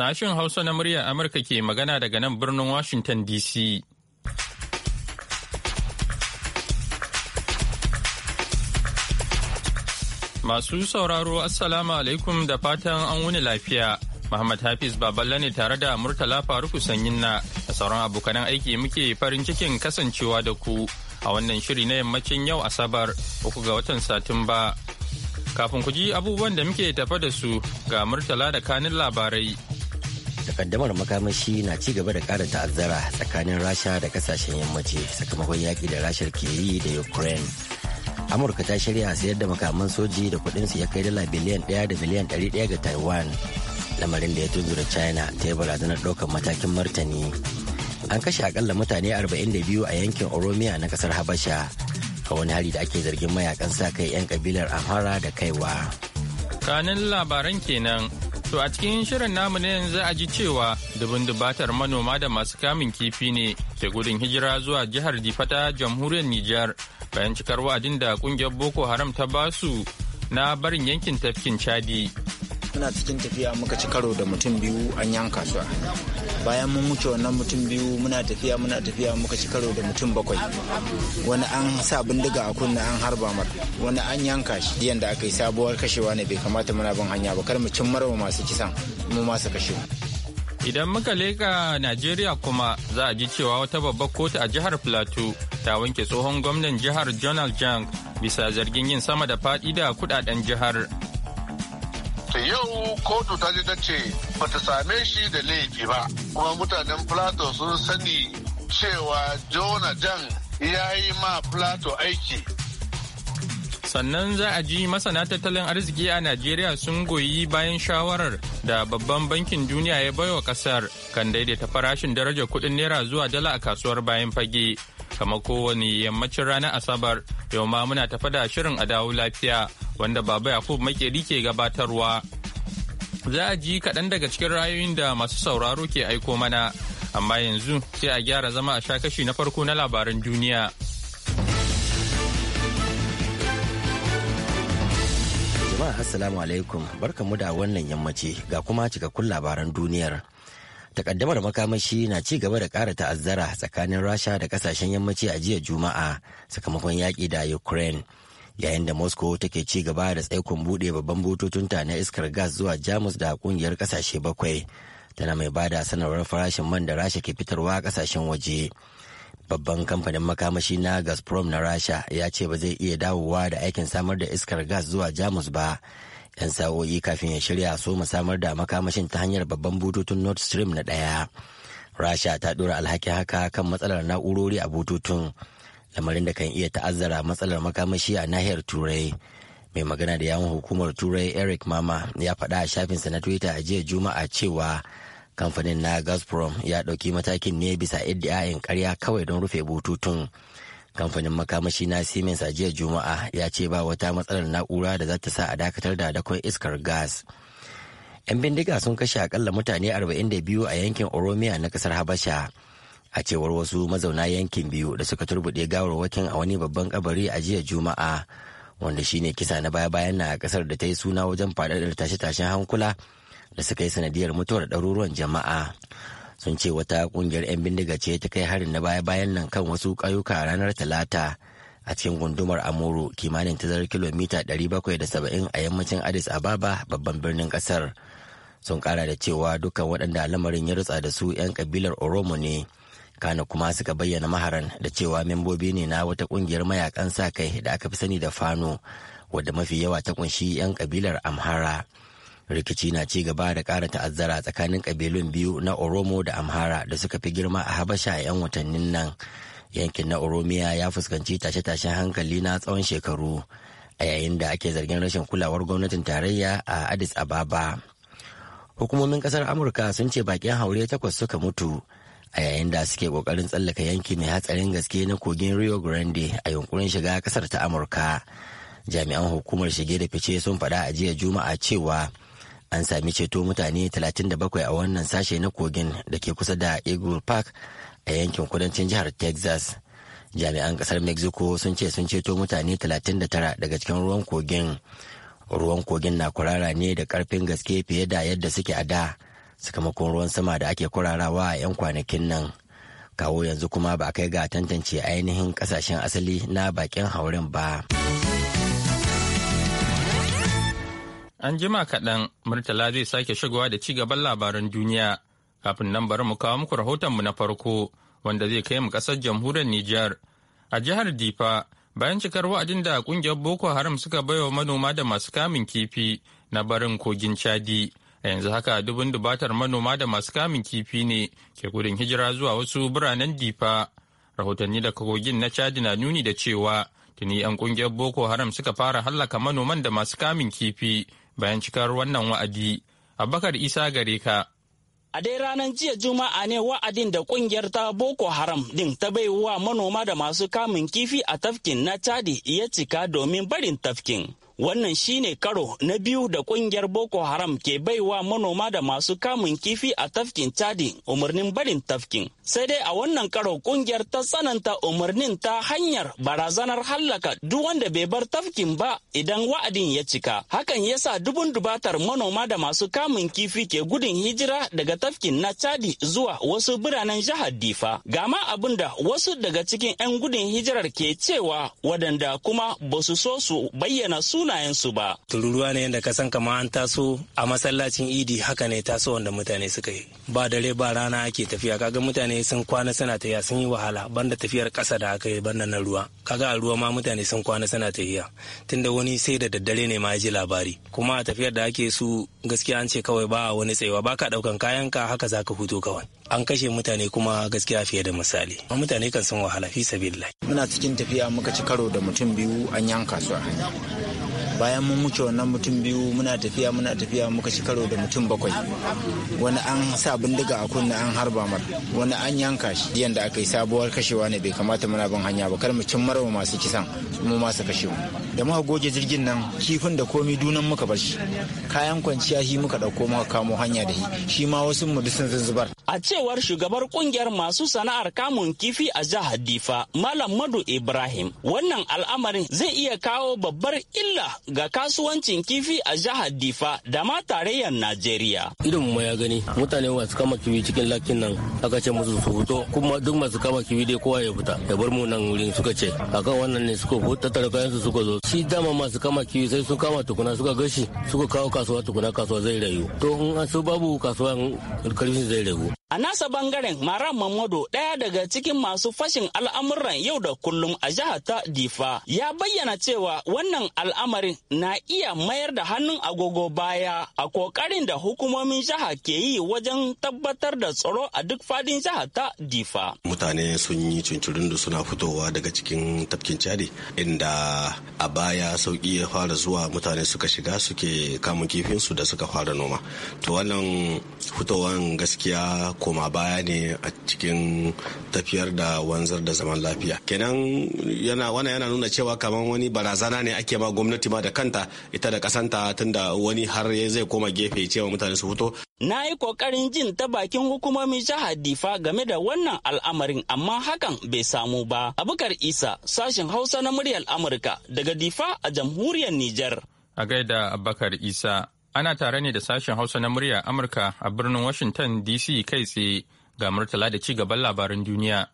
Sashen Hausa na muryar Amurka ke magana daga nan birnin Washington DC. Masu sauraro Assalamu alaikum da fatan an wuni lafiya. Muhammad Hafiz Baballe ne tare da Murtala Faruku Sanyin na da sauran abokanan aiki muke farin cikin kasancewa da ku a wannan shiri na yammacin yau Asabar uku ga watan Satumba. Kafin ku ji abubuwan da muke tafa da su ga Murtala da kanin labarai. takaddamar makamashi na ci gaba da kara ta'azzara tsakanin rasha da kasashen yammaci sakamakon yaƙi da rashar ke yi da ukraine amurka ta shirya sayar da makaman soji da su ya kai dala biliyan ɗaya da biliyan ɗaya ga taiwan lamarin da ya da china ta yi barazanar ɗaukar matakin martani an kashe akalla mutane 42 a yankin oromia na kasar habasha a wani hari da ake zargin mayakan sa kai 'yan kabilar amhara da kaiwa kanin labaran kenan To a cikin shirin namu ne yanzu a ji cewa dubin dubatar manoma da masu kamun kifi ne ke gudun hijira zuwa jihar Difata jamhuriyar Nijar bayan cikar wa'adin da kungiyar Boko Haram ta basu na barin yankin tafkin Chadi. ina cikin tafiya muka ci karo da mutum biyu an yanka su bayan mun wuce wannan mutum biyu muna tafiya muna tafiya muka ci karo da mutum bakwai wani an sa bindiga a kunna an harba mata wani an yanka shi yadda aka yi sabuwar kashewa ne bai kamata muna bin hanya ba kar mu cin marwa masu kisan mu masu kashe Idan muka leka Najeriya kuma za a ji cewa wata babbar kotu a jihar Plateau ta wanke tsohon gwamnan jihar jonal Jang bisa zargin yin sama da faɗi da kudaden jihar. ta yau kotu ta ji ta ce bata same shi da laifi ba kuma mutanen plato sun sani cewa jona jan ya yi ma plato aiki sannan za a ji masana tattalin arziki a najeriya sun goyi bayan shawarar da babban bankin duniya ya baiwa kasar kan daidaita farashin darajar kudin naira zuwa dala a kasuwar bayan fage kama kowane yammacin ranar Asabar yau ma muna tafa da shirin a dawo lafiya wanda Baba Yakub Makeri ke gabatarwa. Za a ji kaɗan daga cikin rayoyin da masu sauraro ke aiko mana, amma yanzu sai a gyara zama a shakashi na farko na labaran duniya. Jama'a Assalamu alaikum, barkamu da wannan yammaci ga kuma cikakkun labaran duniyar. takaddamar makamashi na ci gaba da ƙara ta'azzara tsakanin rasha da ƙasashen yammaci a jiya juma'a sakamakon yaƙi da ukraine yayin da moscow take ci gaba da tsaikon buɗe babban bututunta na iskar gas zuwa jamus da ƙungiyar ƙasashe bakwai tana mai bada sanarwar farashin man da rasha ke fitarwa a ƙasashen waje babban kamfanin makamashi na gazprom na rasha ya ce ba zai iya dawowa da aikin samar da iskar gas zuwa jamus ba 'yan sa'o'i kafin ya shirya so samar da makamashin ta hanyar babban bututun nord stream na ɗaya rasha ta ɗora alhakin haka kan matsalar na'urori a bututun lamarin da kan iya ta'azzara matsalar makamashi a nahiyar turai mai magana da yawon hukumar turai eric mama ya faɗa a shafinsa na twitter a jiya juma'a cewa kamfanin na gazprom ya ɗauki matakin ne bisa iddia'in karya kawai don rufe bututun kamfanin makamashi na siemens a jiya juma'a ya ce ba wata matsalar na'ura da za ta sa a dakatar da dakon iskar gas 'yan bindiga sun kashe akalla mutane 42 a yankin oromia na kasar habasha a cewar wasu mazauna yankin biyu da suka turbuɗe gawarwakin a wani babban kabari a jiya juma'a wanda shine kisa na baya-bayan na kasar da ta yi suna wajen faɗaɗar tashe-tashen hankula da suka yi sanadiyar mutuwar ɗaruruwan jama'a sun ce wata kungiyar 'yan bindiga ce ta kai harin na baya-bayan nan kan wasu ƙauyuka ranar talata a cikin gundumar amuru kimanin tazarar kilomita 770 a yammacin addis ababa babban birnin kasar sun kara da cewa dukkan waɗanda lamarin ya rutsa da su 'yan kabilar oromo ne kana kuma suka bayyana maharan da cewa membobi ne na wata kungiyar mayakan sa kai da aka fi sani da fano wadda mafi yawa ta kunshi 'yan kabilar amhara rikici na ci gaba da ƙara ta'azzara tsakanin ƙabilun biyu na oromo da amhara da suka fi girma a habasha a 'yan watannin nan yankin na oromiya ya fuskanci tashe-tashen hankali na tsawon shekaru a yayin da ake zargin rashin kulawar gwamnatin tarayya a addis ababa hukumomin ƙasar amurka sun ce bakin haure takwas suka mutu a yayin da suke kokarin tsallaka yanki mai hatsarin gaske na kogin rio grande a yunkurin shiga kasar ta amurka jami'an hukumar shige da fice sun faɗa a jiya juma'a cewa an sami ceto mutane 37 a wannan sashe na kogin da ke kusa da eagle park a yankin kudancin jihar texas jami'an kasar mexico sun ce sun ceto mutane 39 daga cikin ruwan kogin ruwan kogin na kurara ne da karfin gaske fiye da yadda suke a da sakamakon ruwan sama da ake kurarawa a 'yan kwanakin nan kawo yanzu kuma ba kai ga tantance ainihin kasashen asali na bakin hauren ba. An jima kaɗan Murtala zai sake shigowa da ci gaban labaran duniya. Kafin nan bari mu kawo muku rahotonmu na farko wanda zai kai mu ƙasar jamhuriyar Nijar. A jihar Difa, bayan cikar wa'adin da ƙungiyar Boko Haram suka wa manoma da masu kamun kifi na barin kogin Chadi. A yanzu haka dubun dubatar manoma da masu kamun kifi ne ke gudun hijira zuwa wasu biranen Difa. Rahotanni daga kogin na Chadi na nuni da cewa tuni 'yan ƙungiyar Boko Haram suka fara hallaka manoman da masu kamun kifi bayan cikar wannan wa'adi a bakar isa gare ka A dai ranar jiya Juma'a ne wa'adin da kungiyar ta Boko Haram din ta bai manoma da masu kamun kifi a tafkin na Chadi ya cika domin barin tafkin. Wannan shine karo na biyu da kungiyar Boko Haram ke baiwa manoma da masu kamun kifi a tafkin Chadi umarnin barin tafkin. Sai dai a wannan karo kungiyar ta tsananta umarnin ta hanyar barazanar hallaka duk wanda bai bar tafkin ba idan wa'adin ya cika. Hakan yasa dubun dubatar manoma da masu kamun kifi ke gudun hijira daga tafkin na Chadi zuwa wasu biranen jihar Difa. Gama abin da wasu daga cikin 'yan gudun hijirar ke cewa waɗanda kuma basu so su bayyana su sunayensu ba. Tururuwa ne yadda ka san kama an taso a masallacin idi haka ne taso wanda mutane suka yi. Ba dare ba rana ake tafiya kaga mutane sun kwana suna tafiya sun yi wahala banda tafiyar kasa da aka yi banda na ruwa. Kaga a ruwa ma mutane sun kwana suna tafiya tunda wani sai da daddare ne ma ya ji labari. Kuma a tafiyar da ake su gaskiya an ce kawai ba wani tsayawa ba ka ɗaukan kayan ka haka za ka hutu kawai. An kashe mutane kuma gaskiya fiye da misali. ma Mutane kan sun wahala fi sabi Muna cikin tafiya muka ci karo da mutum biyu an yanka su a hanya. bayan mun wuce wannan mutum biyu muna tafiya muna tafiya muka shi karo da mutum bakwai wani an sa bindiga a kunna an harba mar wani an yanka shi diyan da aka yi sabuwar kashewa ne bai kamata muna bin hanya ba kar mu cin mara mu masu kisan mu masu kashe mu da muka goge jirgin nan kifin da komi dunan muka bar shi kayan kwanciya shi muka dauko muka kamo hanya da shi ma wasu mu sun zubar a cewar shugabar kungiyar masu sana'ar kamun kifi a jihar Difa Malam Madu Ibrahim wannan al'amarin zai iya kawo babbar illa ga kasuwancin kifi a jihar Difa da ma tarayyar Najeriya. Idan mu ya gani mutane masu kama kifi cikin lakin nan aka ce musu su fito kuma duk masu kama kifi dai kowa ya fita ya bar mu nan wurin suka ce akan wannan ne suka fita tattara kayan su suka zo shi dama masu kama kifi sai sun kama tukuna suka gashi suka kawo kasuwa tukuna kasuwa zai rayu to in an so babu kasuwa karfin zai rayu A nasa bangaren Maran Mamadu ɗaya daga cikin masu fashin al'amuran yau da kullum a jihar ta Difa ya bayyana cewa wannan al'amarin na iya mayar da hannun agogo baya a kokarin da hukumomin jiha ke yi wajen tabbatar da tsaro a duk fadin jihar ta Difa. Mutane sun yi cincirin da suna fitowa daga cikin tafkin cari inda a baya sauƙi ya fara zuwa mutane suka shiga suke kamun kifinsu da suka fara noma. To wannan fitowan gaskiya koma baya ne a cikin tafiyar da wanzar da zaman lafiya kenan yana wani yana nuna cewa kamar wani barazana ne ake ma gwamnati ma da kanta ita da kasanta tunda wani har ya zai koma gefe cewa mutane su fito na yi kokarin jin ta bakin hukumomin jihar difa game da wannan al'amarin amma hakan bai samu ba abukar isa sashen hausa na muryar amurka daga difa a jamhuriyar Nijar. a gaida abubakar isa Ana tare ne da sashen Hausa na murya Amurka a birnin Washington DC kai tsaye ga Murtala da ci gaban labaran duniya.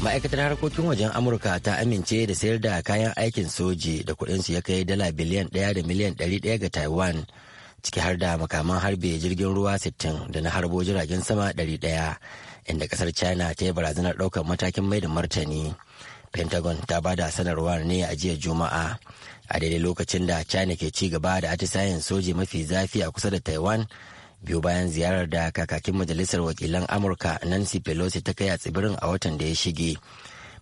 Ma'aikatar harkokin wajen Amurka ta amince da sayar da kayan aikin soji da su ya kai dala biliyan ɗaya da miliyan ɗari ɗaya ga Taiwan. ciki har da makaman harbe jirgin ruwa 60 da na harbo jiragen sama 100 inda kasar china ta yi barazanar ɗaukar matakin mai da martani. pentagon ta ba da sanarwar ne a jiya juma'a a daidai lokacin da china ke ci gaba da atisayen soji mafi zafi a kusa da taiwan biyu bayan ziyarar da kakakin majalisar wakilan amurka nancy pelosi ta kai a tsibirin a watan da ya shige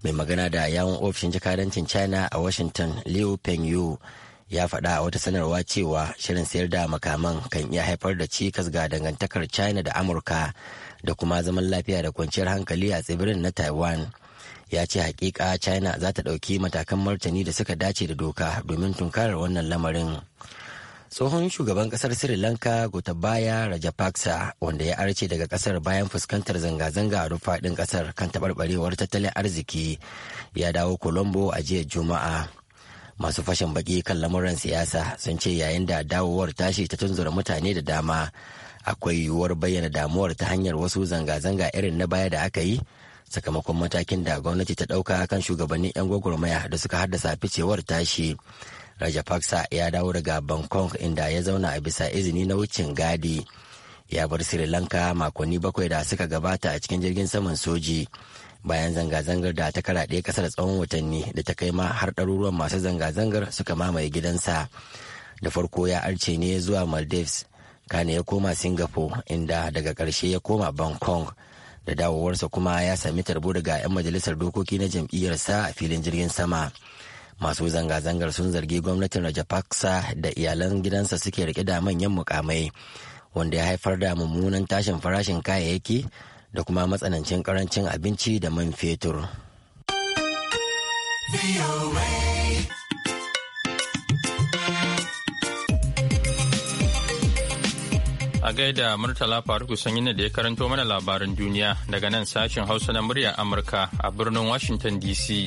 mai magana da yawon ofishin jakadancin china a washington liu pengyu ya faɗa a wata sanarwa cewa shirin sayar da makaman kan iya haifar da cikas ga dangantakar china da amurka da kuma zaman lafiya da kwanciyar hankali a tsibirin na taiwan ya ce hakika china za ta ɗauki matakan martani da suka dace da doka domin tunkarar wannan lamarin tsohon shugaban kasar sri lanka gotabaya rajapaksa wanda ya arce daga kasar bayan fuskantar zanga-zanga a rufaɗin kasar kan taɓarɓarewar tattalin arziki ya dawo colombo a jiya juma'a masu fashin baki kan lamuran siyasa sun ce yayin da dawowar tashi ta tunzura mutane da dama akwai yiwuwar bayyana damuwar ta hanyar wasu zanga-zanga irin na baya da aka yi sakamakon matakin da gwamnati ta ɗauka kan shugabannin 'yan gwagwarmaya da suka haddasa ficewar tashi rajapaksa ya dawo daga bangkok inda ya zauna a bisa izini na wucin gadi ya bar sri lanka makonni bakwai da suka gabata a cikin jirgin saman soji bayan zanga-zangar da ta karaɗe kasar tsawon watanni da ta kai ma har ɗaruruwan masu zanga-zangar suka mamaye gidansa da farko ya arce ne zuwa maldives kane ya koma singapore inda daga ƙarshe ya koma bangkok da dawowarsa kuma ya sami tarbo daga 'yan majalisar dokoki na jam'iyyarsa a filin jirgin sama masu zanga-zangar sun zargi gwamnatin rajapaksa da iyalan gidansa suke rike da manyan mukamai wanda ya haifar da mummunan tashin farashin kayayyaki da kuma matsanancin karancin abinci da man fetur. A gaida Murtala Faruku Sanyi da ya karanto mana labaran duniya daga nan sashen Hausa na murya Amurka a birnin Washington DC.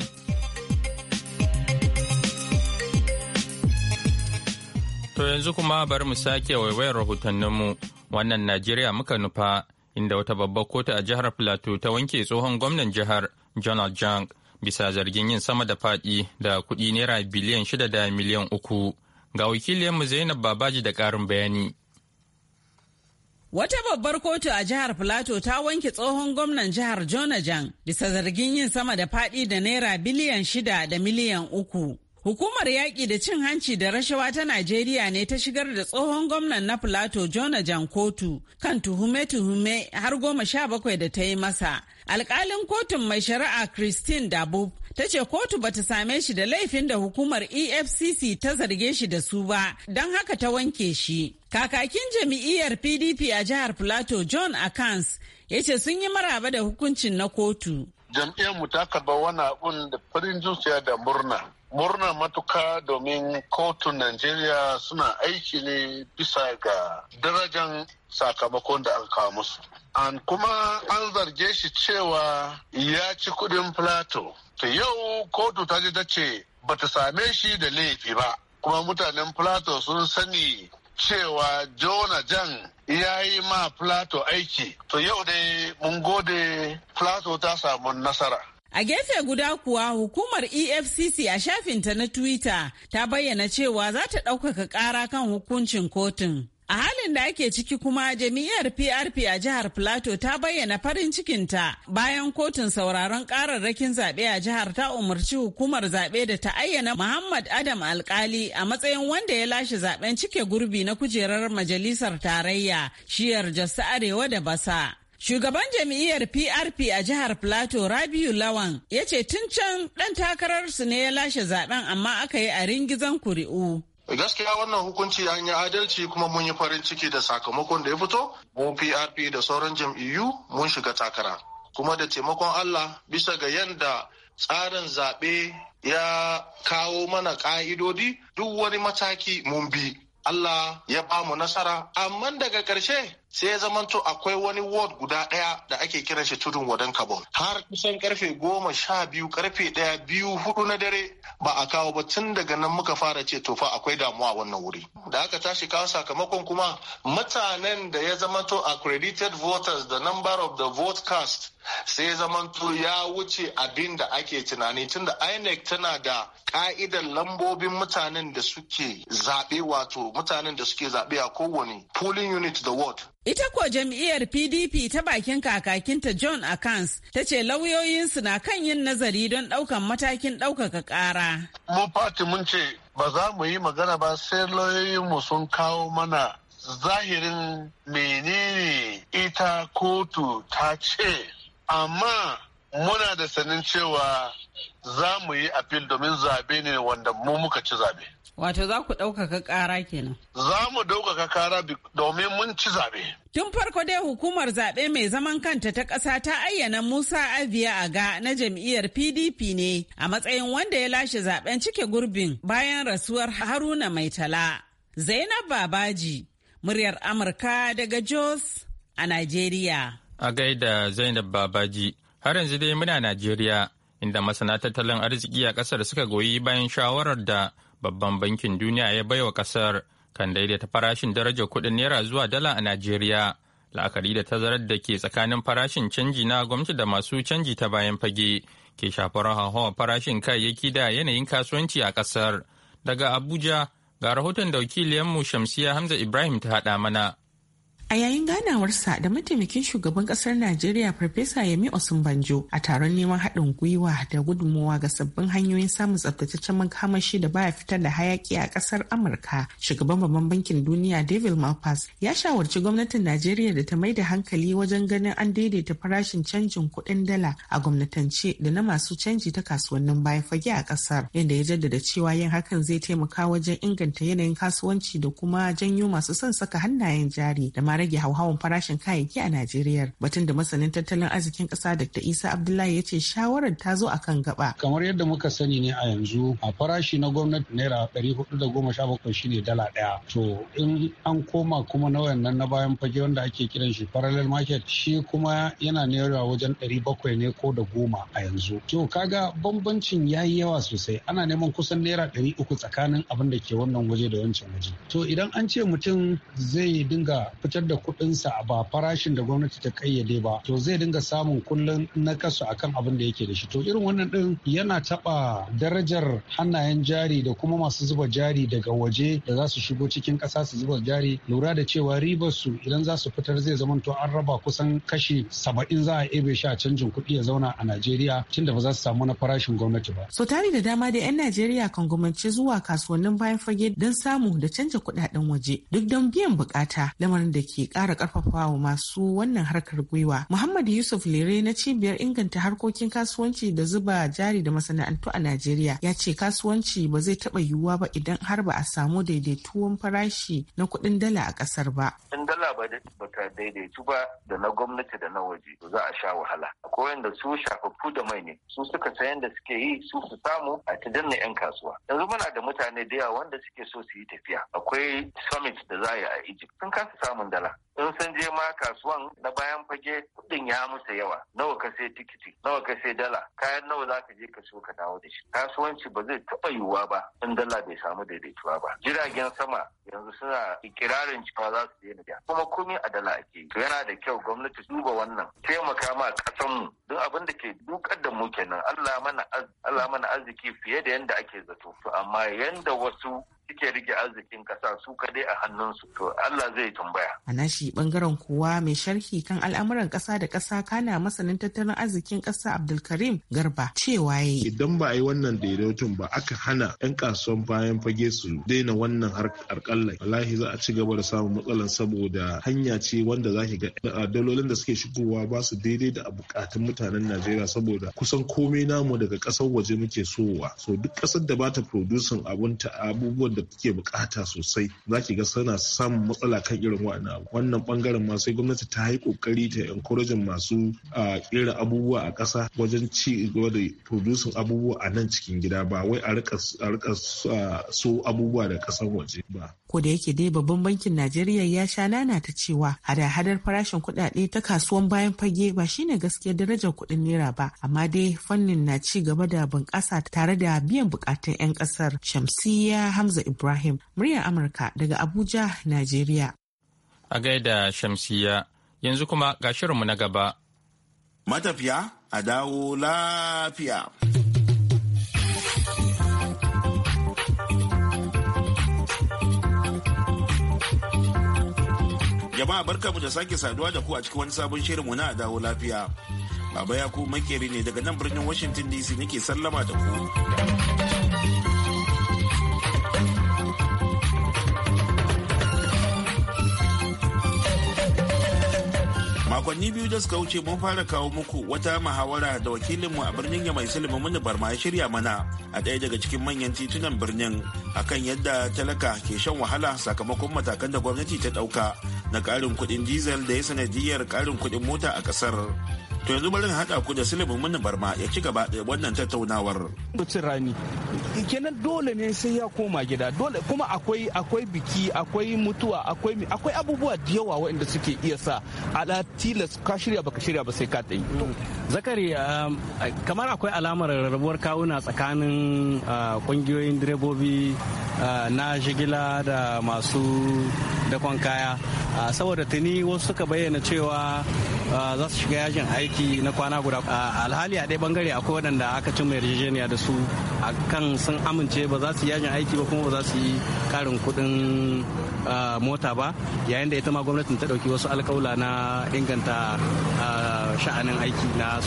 To yanzu kuma bari mu sake waiwayar rahotanninmu wannan Najeriya muka nufa inda wata babbar kotu a jihar Plateau ta wanke tsohon gwamnan jihar jonal Jang bisa zargin yin sama da fadi da kudi naira biliyan shida da miliyan uku. Ga wakiliyanmu Zainab Babaji da ƙarin bayani. Wata babbar kotu a jihar Filato ta wanke tsohon gwamnan jihar Jonajan bisa zargin yin sama da faɗi da naira biliyan shida da miliyan uku. Hukumar yaƙi da cin hanci da rashawa ta Najeriya ne ta shigar da tsohon gwamnan na Filato Jona Jankotu kan tuhume-tuhume har goma sha bakwai da ta yi masa. Alƙalin kotun mai shari'a Christine Dabo ta ce kotu bata same shi da laifin da hukumar EFCC ta zarge shi da su ba, don haka ta wanke shi. Kakakin jami'iyyar PDP a jihar Filato John Akans ya ce sun yi maraba da hukuncin na kotu. Jam'iyyar mu ta karba wani abun da farin zuciya da murna. murna matuka domin kotun Najeriya suna aiki ne bisa ga darajan sakamakon da aka kawo musu. An kuma an zarge shi cewa ya ci kudin Plato. To yau kotu ta ji dace ce ta same shi da laifi ba. Kuma mutanen Plato sun sani cewa Jona Jan ya yi ma Plato aiki. To yau dai mun gode Plato ta samu nasara. A gefe guda kuwa hukumar EFCC a shafinta na Twitter ta bayyana cewa za ta ɗaukaka ƙara kan hukuncin kotun. A halin da ake ciki kuma jami'ar PRP a jihar Plateau ta bayyana farin cikinta bayan kotun sauraron kararrakin zaɓe a jihar ta umarci hukumar zaɓe da ta ayyana Muhammad Adam Alkali a matsayin wanda ya lashe zaɓen cike gurbi na kujerar majalisar tarayya shiyar Jos Arewa da Basa. Shugaban jami'iyyar PRP a jihar Plateau Rabiu Lawan ya ce tun can ɗan takararsu ne ya lashe zaben amma aka yi a ringizan kuri'u. gaskiya wannan hukunci an yi adalci kuma mun yi farin ciki da sakamakon da ya fito mu prp da sauran jam'iyyu mun shiga takara kuma da taimakon allah bisa ga yadda tsarin zaɓe ya kawo mana ƙa'idodi duk wani mataki mun bi allah ya ba mu nasara amma daga ƙarshe sai ya zamanto akwai wani ward guda daya da ake kiran shi tudun wadan kabon har kusan karfe goma sha biyu karfe daya biyu hudu na dare ba a kawo ba tun daga nan muka fara ce tofa akwai damuwa wannan wuri da aka tashi kawo sakamakon kuma mutanen da ya zamanto accredited voters the number of the vote cast sai zamanto ya wuce abin da ake tunani tunda inec tana da ka'idar lambobin mutanen da suke zaɓe wato mutanen da suke zaɓe a kowane polling unit the world. Ita ko jam'iyyar PDP ta bakin kakakinta John Akans ta ce lauyoyinsu na kan yin nazari don ɗaukan matakin ɗaukaka ƙara. Mu fati mun ce ba za mu yi magana ba sai lauyoyinmu sun kawo mana zahirin menene ita kotu ta ce amma muna da sanin cewa za mu yi apil domin zabe ne wanda mu muka ci zabe. Wato za ku ɗaukaka ƙara kenan. Za mu ɗaukaka ƙara domin mun ci zabe. Tun farko dai hukumar zaɓe mai zaman kanta ta ƙasa ta ayyana Musa Abia Aga na jam'iyyar PDP ne a matsayin wanda ya lashe zaɓen cike gurbin bayan rasuwar Haruna Maitala. Zainab Babaji, muryar Amurka daga Jos a Najeriya. A gaida Zainab Babaji, har yanzu dai muna Najeriya, inda masana tattalin arziki a kasar suka goyi bayan shawarar da Babban Bankin Duniya ya baiwa kasar kan daidaita farashin darajar kuɗin Naira zuwa dala a Najeriya. La'akari da tazarar da ke tsakanin farashin canji na gwamnati da masu canji ta bayan fage ke shafar hawa farashin kayayyaki da yanayin kasuwanci a kasar Daga Abuja, ga rahoton da wakiliyanmu Shamsiya Hamza Ibrahim ta haɗa mana. a yayin ganawarsa da mataimakin shugaban kasar najeriya farfesa yemi osunbanjo a taron neman haɗin gwiwa da gudunmowa ga sabbin hanyoyin samun tsabtataccen makamashi da baya fitar da hayaki a kasar amurka shugaban babban bankin duniya david malpass ya shawarci gwamnatin najeriya da ta mai da hankali wajen ganin an daidaita farashin canjin kuɗin dala a gwamnatance da na masu canji ta kasuwannin bayan fage a kasar inda ya jaddada cewa yin hakan zai taimaka wajen inganta yanayin kasuwanci da kuma janyo masu son saka hannayen jari da mara rage hauhawan farashin kayayyaki a Najeriya. Batun da masanin tattalin arzikin ƙasa Dr. Isa Abdullahi ya ce shawarar ta zo akan gaba. Kamar yadda muka sani ne a yanzu a farashi na gwamnati naira ɗari hudu da goma sha bakwai shine dala ɗaya. To in an koma kuma na wayannan na bayan fage wanda ake kiran shi parallel market shi kuma yana naira wajen ɗari bakwai ne ko da goma a yanzu. To kaga bambancin ya yi yawa sosai ana neman kusan naira ɗari uku tsakanin abin da ke wannan waje da wancan waje. To idan an ce mutum zai dinga fitar da da kuɗinsa ba farashin da gwamnati ta kayyade ba to zai dinga samun kullun na kasu akan abin da yake da shi to irin wannan din yana taɓa darajar hannayen jari da kuma masu zuba jari daga waje da za su shigo cikin ƙasa su zuba jari lura da cewa ribar su idan za su fitar zai zama to an raba kusan kashi saba'in za a ebe shi a canjin kuɗi ya zauna a Najeriya tunda ba za su samu na farashin gwamnati ba. So tare da dama da 'yan Najeriya kan gwamnati zuwa kasuwannin bayan fage don samu da canja kuɗaɗen waje duk don biyan bukata lamarin da ke ke ƙara ƙarfafa wa masu wannan harkar gwiwa. Muhammad Yusuf Lere na cibiyar inganta harkokin kasuwanci da zuba jari da masana'antu a Najeriya ya ce kasuwanci ba zai taɓa yiwuwa ba idan har ba a samu daidaituwan farashi na kuɗin dala a ƙasar ba. In dala ba ta daidaitu ba da na gwamnati da na waje za a sha wahala. Akwai wanda su shafaffu da mai ne su suka san da suke yi su su samu a ta danna 'yan kasuwa. Yanzu muna da mutane da yawa wanda suke so su yi tafiya. Akwai summit da za a yi a Egypt. Sun kasa samun dala. wahala in sun je ma kasuwan na bayan fage kudin ya musu yawa nawa ka sai tikiti nawa ka sai dala kayan nawa za ka je ka so ka dawo da shi kasuwanci ba zai taba yiwuwa ba in dala bai samu daidaituwa ba jiragen sama yanzu suna ikirarin cewa za su daina biya kuma komi a dala ake yi yana da kyau gwamnati duba wannan taimaka ma mu duk abin da ke dukar da mu kenan Allah mana arziki Allah mana arziki fiye da yanda ake zato to amma yanda wasu suke rike arzikin kasa su kadai a hannunsu to Allah zai tambaya. A nashi bangaren kowa mai sharhi kan al'amuran kasa da kasa kana masanin tattalin arzikin kasa Abdulkarim Garba cewa yayi. Idan ba a yi wannan daidaitun ba aka hana 'yan kasuwan bayan fage su daina wannan kallai. wallahi za a ci gaba da samun matsalan saboda hanya ce wanda za ki ga dalolin da suke shigowa ba su daidai da bukatun mutanen Najeriya saboda kusan komai namu daga kasar waje waje muke sowa so duk ƙasar da bata producing abun ta abubuwan da kuke bukata sosai za ki ga suna samun matsala kan irin wa'annan abu wannan bangaren ma sai gwamnati ta yi kokari ta encourage masu kera abubuwa a ƙasa wajen ci gaba da producing abubuwa a nan cikin gida ba wai a rika so abubuwa da ƙasar waje ba ko da yake dai babban bankin najeriya ya sha nana ta cewa hada-hadar farashin kuɗaɗe ta kasuwan bayan fage ba shine gaskiya darajar kuɗin naira ba amma dai fannin na ci gaba da bunƙasa tare da biyan buƙatun 'yan ƙasar shamsiyya hamza ibrahim muryar amurka daga abuja najeriya a gaida shamsiyya yanzu kuma ga shirinmu na gaba matafiya a dawo lafiya Jama'a barkamu da sake saduwa da ku a cikin wani sabon shirin mu na dawo lafiya. Baba Yaku makeri ne daga nan birnin Washington DC nake sallama da ku. makonni biyu da suka wuce mun fara kawo muku wata muhawara da wakilinmu a birnin ya mai sulmi mun barma ya shirya mana a ɗaya daga cikin manyan titunan birnin akan yadda talaka ke shan wahala sakamakon matakan da gwamnati ta ɗauka na karin kuɗin diesel da ya sanadiyar karin kuɗin mota a kasar To yanzu barin haɗa ku da silibin mun Barma ya ci gaba da wannan tattaunawar. rani. Kenan dole ne sai ya koma gida. Dole kuma akwai akwai biki, akwai mutuwa, akwai akwai abubuwa da yawa waɗanda suke iya sa ala tilas ka shirya baka shirya ba sai ka tsaye. zakari um, kamar akwai alamar rarrabuwar kawuna tsakanin kungiyoyin uh, direbobi uh, na shigila da masu dakon kaya uh, saboda tuni wasu suka bayyana cewa za su shiga yajin aiki na kwana guda alhali a ɗaya bangare akwai waɗanda aka cin mai yarjejeniya da su a kan sun amince ba za su yajin aiki ba kuma ba za su yi karin kuɗin mota ba yayin da ita ma gwamnatin ta ɗauki wasu alkawla na inganta sha'anin aiki na na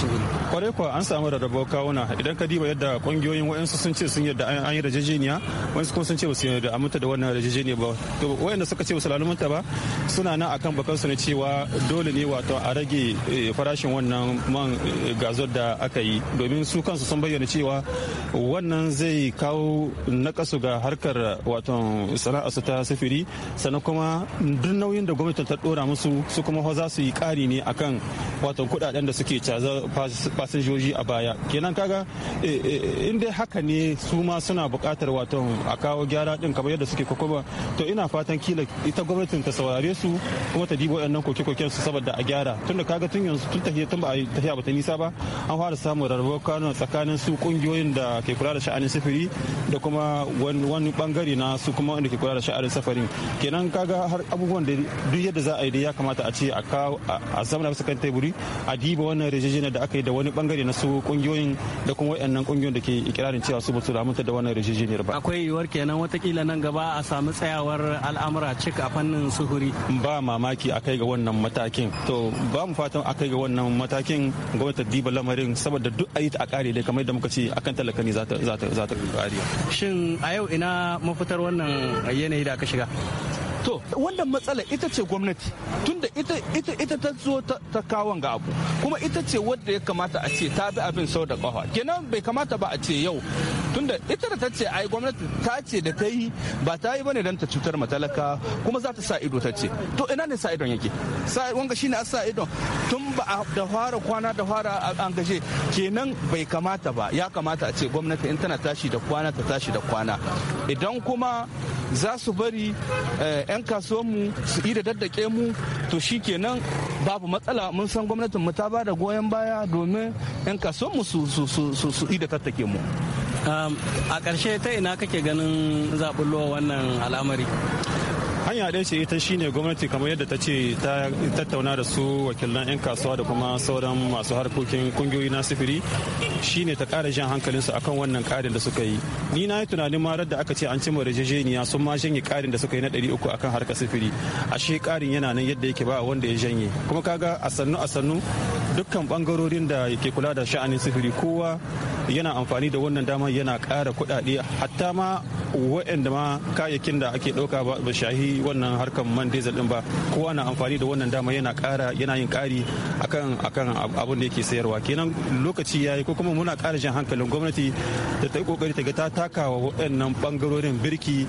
kwarai kwa an samu rarrabo kawuna idan ka diba yadda kungiyoyin wayansu sun ce sun yadda an yi rajejeniya wayansu kuma sun ce su yadda aminta da wannan rajejeniya ba to wayanda suka ce su lalumanta ba suna nan akan bakansu ne cewa dole ne wato a rage eh, farashin wannan man eh, gazon da aka yi domin su kansu sun bayyana cewa wannan zai kawo nakasu ga harkar wato su ta sufuri sannan kuma duk nauyin da gwamnati ta dora musu su kuma za su yi kari ne akan wato kudaden da suke caza fasinjoji a baya kenan kaga eh, eh, in dai haka ne su ma suna buƙatar wato a kawo gyara din kamar yadda suke kokoma to ina fatan kila ita gwamnatin ta saurare su kuma ta dibo wayannan koke-koken su saboda a gyara tunda kaga tun yanzu tun tafiya tun ba a tafiya ba ta nisa ba an fara samun rarrabar kanun tsakanin su kungiyoyin da ke kula da sha'anin sufuri da kuma wani bangare na su kuma wanda ke kula da sha'anin safarin kenan kaga har abubuwan da duk yadda za a yi da ya kamata a ce a kawo a zamana bisa kan teburi a diba wannan rejejin yarjejeniya da aka yi da wani bangare na su kungiyoyin da kuma wayannan kungiyoyin da ke ikirarin cewa su basu su da wannan yarjejeniyar ba akwai yiwuwar kenan watakila nan gaba a samu tsayawar al'amura cika a fannin suhuri ba mamaki a kai ga wannan matakin to ba mu fatan a kai ga wannan matakin gwamnati diba lamarin saboda duk yi ta a kare da kamar da muka ce akan talaka ne za ta kare shin a yau ina mafitar wannan yanayi da aka shiga to wannan matsala ita ce gwamnati tunda ita ita ita ta zo ta kawon ga abu kuma ita ce wadda ya kamata a ce ta bi abin sau da kafa kenan bai kamata ba a ce yau tunda ita da ta ce ai gwamnati ta ce da ta yi ba ta yi bane dan ta cutar matalaka kuma za ta sa ido ta ce to ina ne sa idon yake sa wanga shine a sa idon tun ba da fara kwana da fara an gaje kenan bai kamata ba ya kamata a ce gwamnati in tana tashi da kwana ta tashi da kwana idan kuma za su bari 'yan eh, 'yan kasuwanmu su ida daddake mu to shi kenan babu matsala mun san gwamnatin mu ta ba da goyon baya domin 'yan kasuwanmu su su da tattake mu um, a ƙarshe ta ina kake ganin zaɓulluwa wannan al'amari hanya ɗaya ce ita shine gwamnati kamar yadda ta ce ta tattauna da su wakilan 'yan kasuwa da kuma sauran masu harkokin kungiyoyi na sifiri shine ta ƙara jan hankalinsu akan wannan ƙarin da suka yi ni na yi tunanin ma da aka ce an cimma yarjejeniya sun ma janye ƙarin da suka yi na ɗari uku akan harka sifiri ashe ƙarin yana nan yadda yake ba wanda ya janye kuma kaga a sannu a sannu dukkan bangarorin da ke kula da sha'anin sifiri kowa yana amfani da wannan dama yana kara kuɗaɗe hatta ma wa'anda ma kayayyakin da ake ɗauka ba shahi wannan harkar man diesel ɗin ba kowa na amfani da wannan dama yana ƙara yana yin ƙari akan akan abin da yake sayarwa kenan lokaci yayi ko kuma muna ƙara jin hankalin gwamnati da ta yi ƙoƙari ta ga ta takawa waɗannan ɓangarorin birki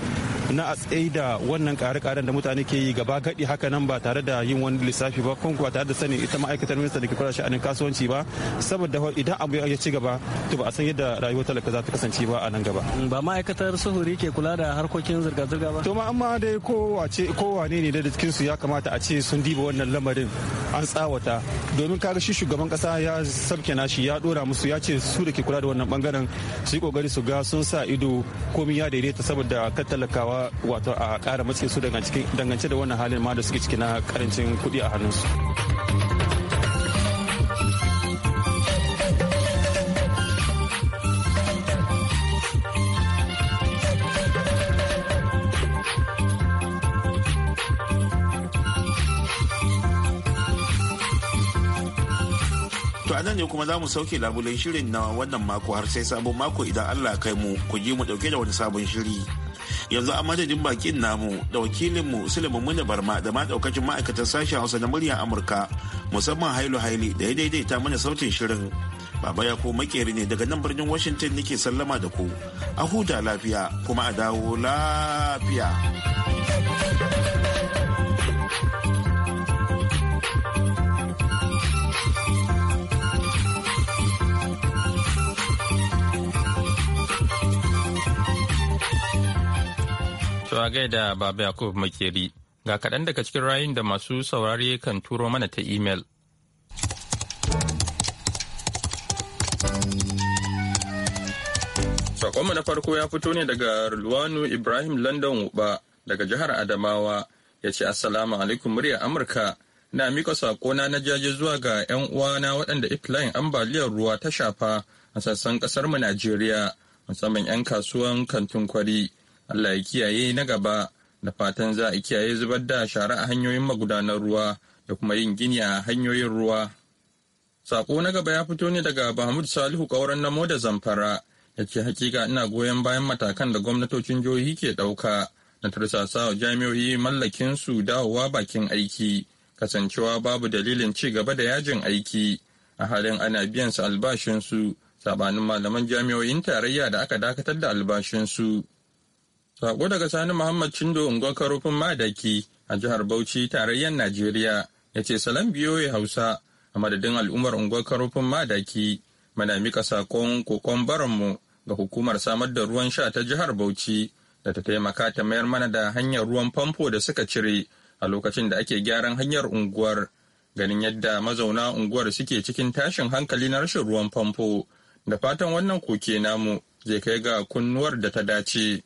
na a da wannan ƙare-ƙaren da mutane ke yi gaba gaɗi haka nan ba tare da yin wani lissafi ba kuma a tare da sanin ita ma'aikatar minista da ke fara sha'anin kasuwanci ba saboda idan abu ya ci gaba to ba ba a san yadda rayuwar talaka za ta kasance ba a nan gaba ba ma'aikatar suhuri ke kula da harkokin zirga-zirga ba to ma amma dai kowace kowane ne da cikin su ya kamata a ce sun diba wannan lamarin an tsawata domin kaga shi shugaban kasa ya sabke nashi ya dora musu ya ce su da ke kula da wannan bangaren su yi kokari su ga sun sa ido komai ya daidaita saboda kan talakawa wato a kara matsayin su dangance da wannan halin ma da suke ciki na karancin kuɗi a hannunsu. ne kuma za mu sauke labulen shirin na wannan mako har sai sabon mako idan Allah kai mu ku ji mu dauke da wani sabon shiri. Yanzu a madadin bakin namu da wakilinmu Suleiman Muna Barma da ma daukacin ma'aikatan sashen Hausa na muryar Amurka musamman Hailu Haili da ya daidaita mana sautin shirin. Baba ya ko makeri ne daga nan birnin Washington nake sallama da ku. A huta lafiya kuma a dawo lafiya. To a gaida Baba Yakub Makeri ga kaɗan daga cikin rayun da masu saurari kan turo mana ta imel. Sakonmu na farko ya fito ne daga Luwanu Ibrahim London Uba daga jihar Adamawa ya ce Assalamu alaikum murya Amurka na miƙa sakona na jaje zuwa ga 'yan uwana waɗanda iflayin ambaliyar ruwa ta shafa a sassan ƙasarmu Najeriya musamman 'yan kasuwan kantin kwari Allah ya kiyaye na gaba da fatan za a kiyaye zubar da shara a hanyoyin magudanar ruwa da kuma yin gini a hanyoyin ruwa. Sako na gaba ya fito ne daga Bahamud Salihu ƙauren namo da zamfara ya ce hakika ina goyon bayan matakan da gwamnatocin jihohi ke ɗauka na tursasa jami'o'i mallakin su dawowa bakin aiki kasancewa babu dalilin ci gaba da yajin aiki a halin ana biyan su albashin su sabanin malaman jami'o'in tarayya da aka dakatar da albashin su. Sako daga Sani Muhammad Chindo Ngwaka rufin madaki a jihar Bauchi tarayyar Najeriya ya ce salam biyoyi Hausa a madadin al'ummar Ngwaka rufin madaki mana mika sakon kokon baranmu ga hukumar samar da ruwan sha ta jihar Bauchi da ta taimaka ta mayar mana da hanyar ruwan famfo da suka cire a lokacin da ake gyaran hanyar unguwar ganin yadda mazauna unguwar suke cikin tashin hankali na rashin ruwan famfo da fatan wannan koke namu zai kai ga kunnuwar da ta dace.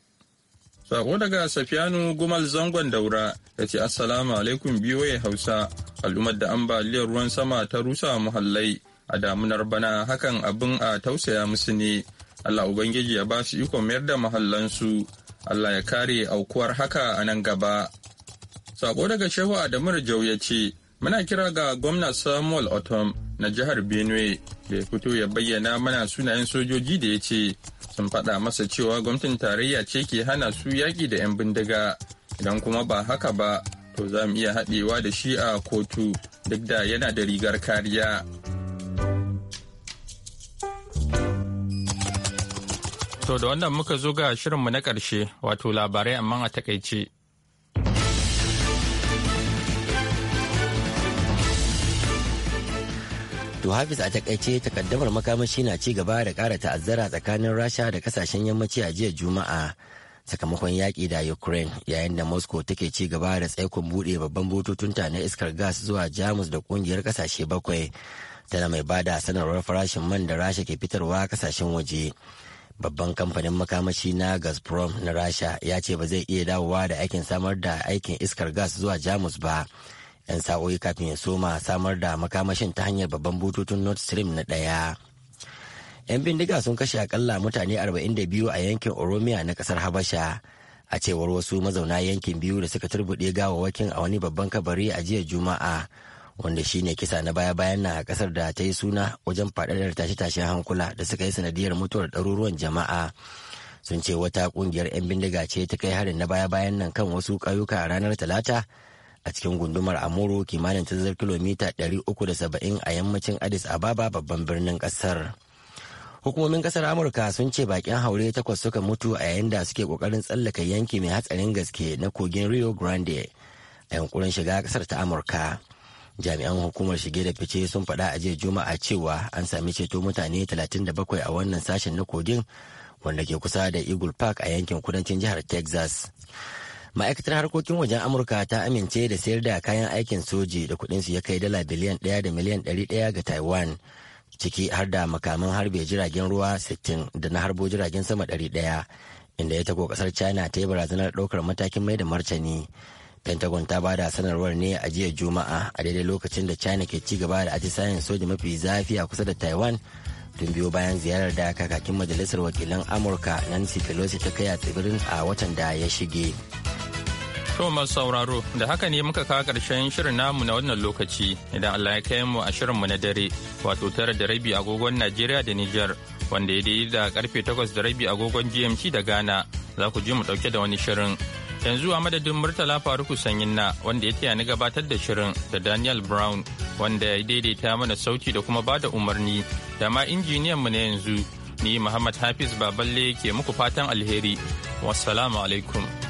Sako daga Safiyanu Gumal Zangon Daura ya ce Assalamu alaikum ya Hausa, al'ummar da ambaliyar ruwan sama ta rusa muhallai a damunar bana hakan abin a tausaya musu ne. Allah Ubangiji ya ba su ikon mayar da muhallansu Allah ya kare aukuwar haka a nan gaba. Sako daga Shehu Adamu Jau ya ce, Muna kira ga gwamna Samuel Otom na jihar Benue da ya fito ya bayyana mana sunayen sojoji da ya ce sun faɗa masa cewa gwamnatin tarayya ce ke hana su yaƙi da 'yan bindiga idan kuma ba haka ba to za mu iya haɗewa da shi a kotu duk da yana da rigar kariya. To da wannan muka zo ga shirinmu na ƙarshe wato labarai amma a takaice. To Hafiz a takaice takaddamar makamashi na ci gaba da kara ta'azzara tsakanin Rasha da kasashen yammaci a jiya Juma'a sakamakon yaƙi da Ukraine yayin da Moscow take ci gaba da tsaikon buɗe babban bututunta na iskar gas zuwa Jamus da ƙungiyar kasashe bakwai tana mai bada sanarwar farashin man da Rasha ke fitarwa ƙasashen waje. Babban kamfanin makamashi na Gazprom na Rasha ya ce ba zai iya dawowa da aikin samar da aikin iskar gas zuwa Jamus ba. 'yan sa'o'i kafin ya soma samar da makamashin ta hanyar babban bututun Nord Stream na ɗaya. 'Yan bindiga sun kashe akalla mutane 42 a yankin Oromia na kasar Habasha, a cewar wasu mazauna yankin biyu da suka turbuɗe gawawakin a wani babban kabari a jiya Juma'a, wanda shi ne kisa na baya-bayan na kasar da ta yi suna wajen faɗaɗar tashe-tashen hankula da suka yi sanadiyar mutuwar ɗaruruwan jama'a. Sun ce wata ƙungiyar 'yan bindiga ce ta kai harin na baya-bayan nan kan wasu ƙauyuka ranar Talata a cikin gundumar amuru kimanin tazar kilomita 370 a yammacin addis ababa babban birnin kasar hukumomin kasar amurka sun ce bakin haure takwas suka mutu a yayin da suke kokarin tsallaka yanki mai hatsarin gaske na kogin rio grande a yankunan shiga kasar ta amurka jami'an hukumar shige da fice sun faɗa a jiya juma'a cewa an sami ceto mutane 37 a wannan sashen na kogin wanda ke kusa da eagle park a yankin kudancin jihar texas ma'aikatar harkokin wajen amurka ta amince da sayar da kayan aikin soji da su ya kai dala biliyan ɗaya da miliyan ɗari ɗaya ga taiwan ciki har da makaman harbe jiragen ruwa 60 da na harbo jiragen sama 100 inda ya tago kasar china ta yi barazanar daukar matakin mai da martani pentagon ta bada sanarwar ne a jiya juma'a a daidai lokacin da china ke ci gaba da atisayen soji mafi zafi a kusa da taiwan tun biyo bayan ziyarar da kakakin majalisar wakilan amurka nancy pelosi ta kai a tsibirin a watan da ya shige To masu sauraro da haka ne muka kawo karshen shirin namu na wannan lokaci idan Allah ya kai mu a shirin mu na dare wato tara da rabi agogon Najeriya da Nijar wanda ya daidai da karfe takwas da rabi agogon GMT da Ghana za ku ji mu dauke da wani shirin. Yanzu a madadin Murtala Faruku Sanyinna wanda ya taya ni gabatar da shirin da Daniel Brown wanda ya daidaita mana sauti da kuma bada umarni da ma injiniyan mu na yanzu ni Muhammad Hafiz Baballe ke muku fatan alheri. Wassalamu alaikum.